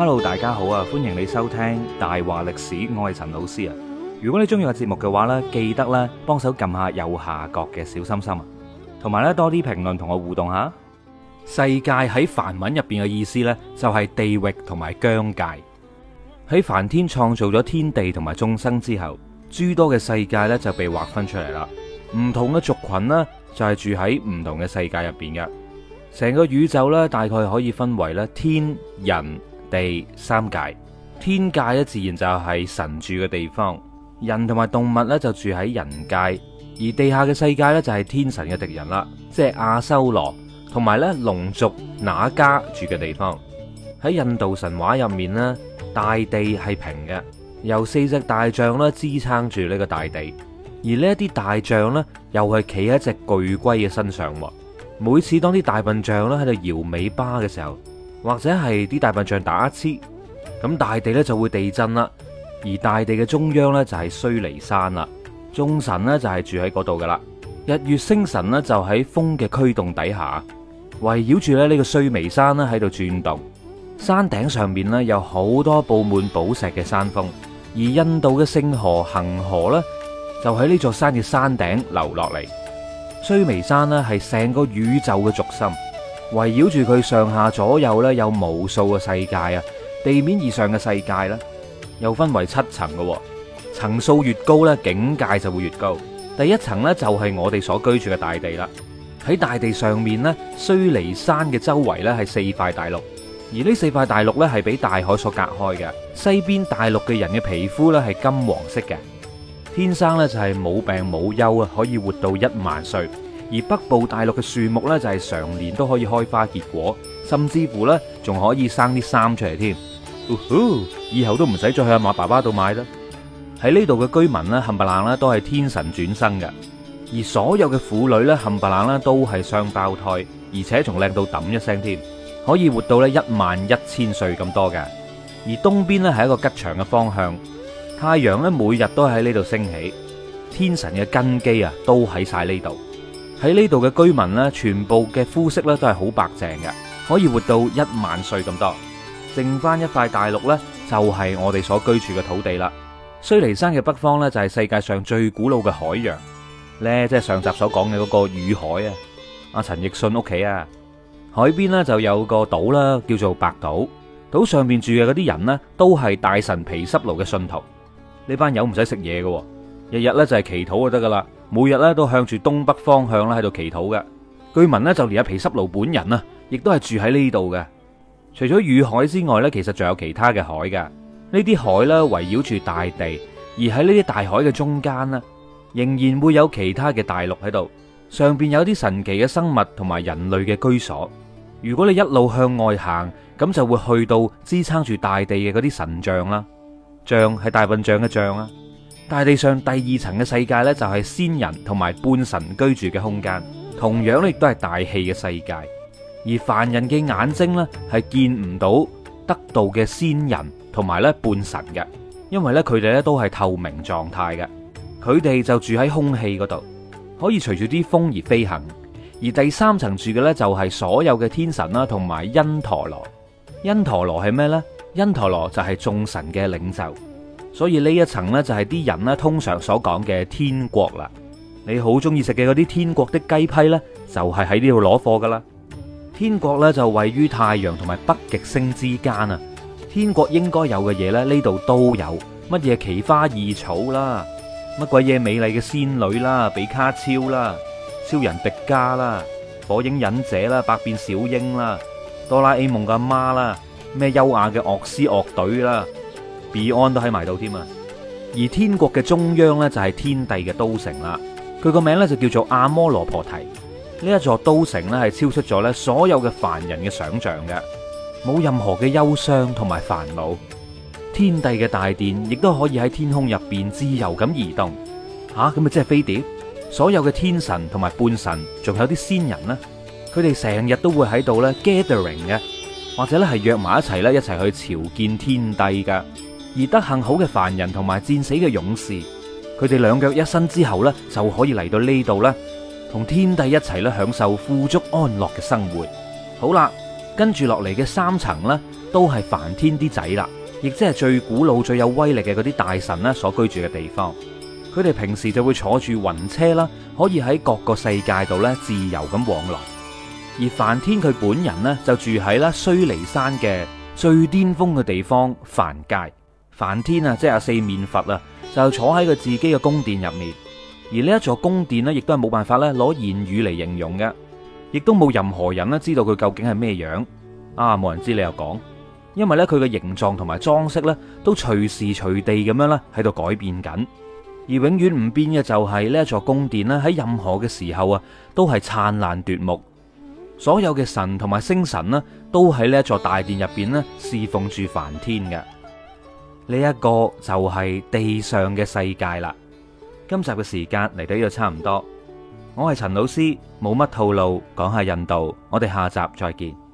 hello，大家好啊！歡迎你收聽大話歷史，我係陳老師啊。如果你中意個節目嘅話呢，記得咧幫手撳下右下角嘅小心心啊，同埋咧多啲評論同我互動下。世界喺梵文入邊嘅意思呢，就係地域同埋疆界。喺梵天創造咗天地同埋眾生之後，諸多嘅世界呢就被劃分出嚟啦。唔同嘅族群呢，就係住喺唔同嘅世界入邊嘅。成個宇宙呢，大概可以分為咧天、人。第三界，天界咧自然就係神住嘅地方，人同埋動物咧就住喺人界，而地下嘅世界咧就係天神嘅敵人啦，即係阿修羅同埋咧龍族那家住嘅地方。喺印度神話入面咧，大地係平嘅，由四隻大象咧支撐住呢個大地，而呢啲大象咧又係企喺隻巨龜嘅身上。每次當啲大笨象咧喺度搖尾巴嘅時候。或者係啲大笨象打一黐，咁大地咧就會地震啦。而大地嘅中央呢，就係須彌山啦，眾神呢，就係住喺嗰度噶啦。日月星辰呢，就喺風嘅驅動底下，圍繞住咧呢個須彌山啦喺度轉動。山頂上面呢，有好多布滿寶石嘅山峰，而印度嘅星河恒河呢，就喺呢座山嘅山頂流落嚟。須彌山呢，係成個宇宙嘅軸心。圍繞住佢上下左右咧，有無數個世界啊！地面以上嘅世界咧，又分為七層嘅，層數越高咧，境界就會越高。第一層呢，就係我哋所居住嘅大地啦。喺大地上面咧，須彌山嘅周圍咧係四塊大陸，而呢四塊大陸咧係俾大海所隔開嘅。西邊大陸嘅人嘅皮膚咧係金黃色嘅，天生呢，就係冇病冇憂啊，可以活到一萬歲。而北部大陸嘅樹木呢，就係常年都可以開花結果，甚至乎呢，仲可以生啲衫出嚟添。Uh-huh，以後都唔使再去阿馬爸爸度買啦。喺呢度嘅居民呢，冚唪唥呢都係天神轉生嘅，而所有嘅婦女呢，冚唪唥呢都係雙胞胎，而且仲靚到揼一聲添，可以活到呢一萬一千歲咁多嘅。而東邊呢，係一個吉祥嘅方向，太陽呢每日都喺呢度升起，天神嘅根基啊都喺晒呢度。喺呢度嘅居民呢，全部嘅膚色呢都係好白淨嘅，可以活到一萬歲咁多。剩返一塊大陸呢，就係我哋所居住嘅土地啦。須彌山嘅北方呢，就係世界上最古老嘅海洋呢，即係上集所講嘅嗰個雨海啊。阿陳奕迅屋企啊，海邊呢就有個島啦，叫做白島。島上面住嘅嗰啲人呢，都係大神皮濕奴嘅信徒。呢班友唔使食嘢嘅。日日咧就係祈禱就得噶啦，每日咧都向住東北方向咧喺度祈禱嘅。據聞咧就連阿皮濕奴本人啊，亦都係住喺呢度嘅。除咗雨海之外咧，其實仲有其他嘅海嘅。呢啲海咧圍繞住大地，而喺呢啲大海嘅中間呢，仍然會有其他嘅大陸喺度，上邊有啲神奇嘅生物同埋人類嘅居所。如果你一路向外行，咁就會去到支撐住大地嘅嗰啲神像啦，像係大笨象嘅像啦。大地上第二層嘅世界呢，就係仙人同埋半神居住嘅空間，同樣亦都係大氣嘅世界。而凡人嘅眼睛呢，係見唔到得道嘅仙人同埋咧半神嘅，因為呢，佢哋咧都係透明狀態嘅，佢哋就住喺空氣嗰度，可以隨住啲風而飛行。而第三層住嘅呢，就係所有嘅天神啦，同埋因陀羅。因陀羅係咩呢？因陀羅就係眾神嘅領袖。所以呢一層呢就係啲人呢通常所講嘅天國啦，你好中意食嘅嗰啲天國的雞批呢，就係喺呢度攞貨噶啦。天國呢就位於太陽同埋北極星之間啊！天國應該有嘅嘢呢，呢度都有，乜嘢奇花異草啦，乜鬼嘢美麗嘅仙女啦，比卡超啦，超人迪加啦，火影忍者啦，百變小櫻啦，哆啦 A 夢嘅媽啦，咩優雅嘅樂師樂隊啦。Beyond 都喺埋度添啊！而天國嘅中央呢，就係天帝嘅都城啦。佢個名呢，就叫做阿摩羅婆提。呢一座都城呢，係超出咗呢所有嘅凡人嘅想象嘅，冇任何嘅憂傷同埋煩惱。天帝嘅大殿亦都可以喺天空入邊自由咁移動吓，咁啊，即係飛碟？所有嘅天神同埋半神，仲有啲仙人呢，佢哋成日都會喺度呢 gathering 嘅，或者咧係約埋一齊咧一齊去朝見天帝噶。而德行好嘅凡人同埋戰死嘅勇士，佢哋兩腳一伸之後呢，就可以嚟到呢度啦，同天帝一齊咧享受富足安樂嘅生活。好啦，跟住落嚟嘅三層呢，都係梵天啲仔啦，亦即係最古老、最有威力嘅嗰啲大神呢所居住嘅地方。佢哋平時就會坐住雲車啦，可以喺各個世界度呢自由咁往來。而梵天佢本人呢，就住喺啦須彌山嘅最巔峰嘅地方梵界。梵界。梵天啊，即係阿四面佛啊，就坐喺佢自己嘅宮殿入面。而呢一座宮殿呢，亦都係冇辦法咧攞言語嚟形容嘅，亦都冇任何人咧知道佢究竟係咩樣啊！冇人知你又講，因為呢，佢嘅形狀同埋裝飾呢，都隨時隨地咁樣咧喺度改變緊，而永遠唔變嘅就係呢一座宮殿呢，喺任何嘅時候啊都係燦爛奪目。所有嘅神同埋星神呢，都喺呢一座大殿入邊呢，侍奉住梵天嘅。呢一個就係地上嘅世界啦。今集嘅時間嚟到呢度差唔多，我係陳老師，冇乜套路，講下印度，我哋下集再見。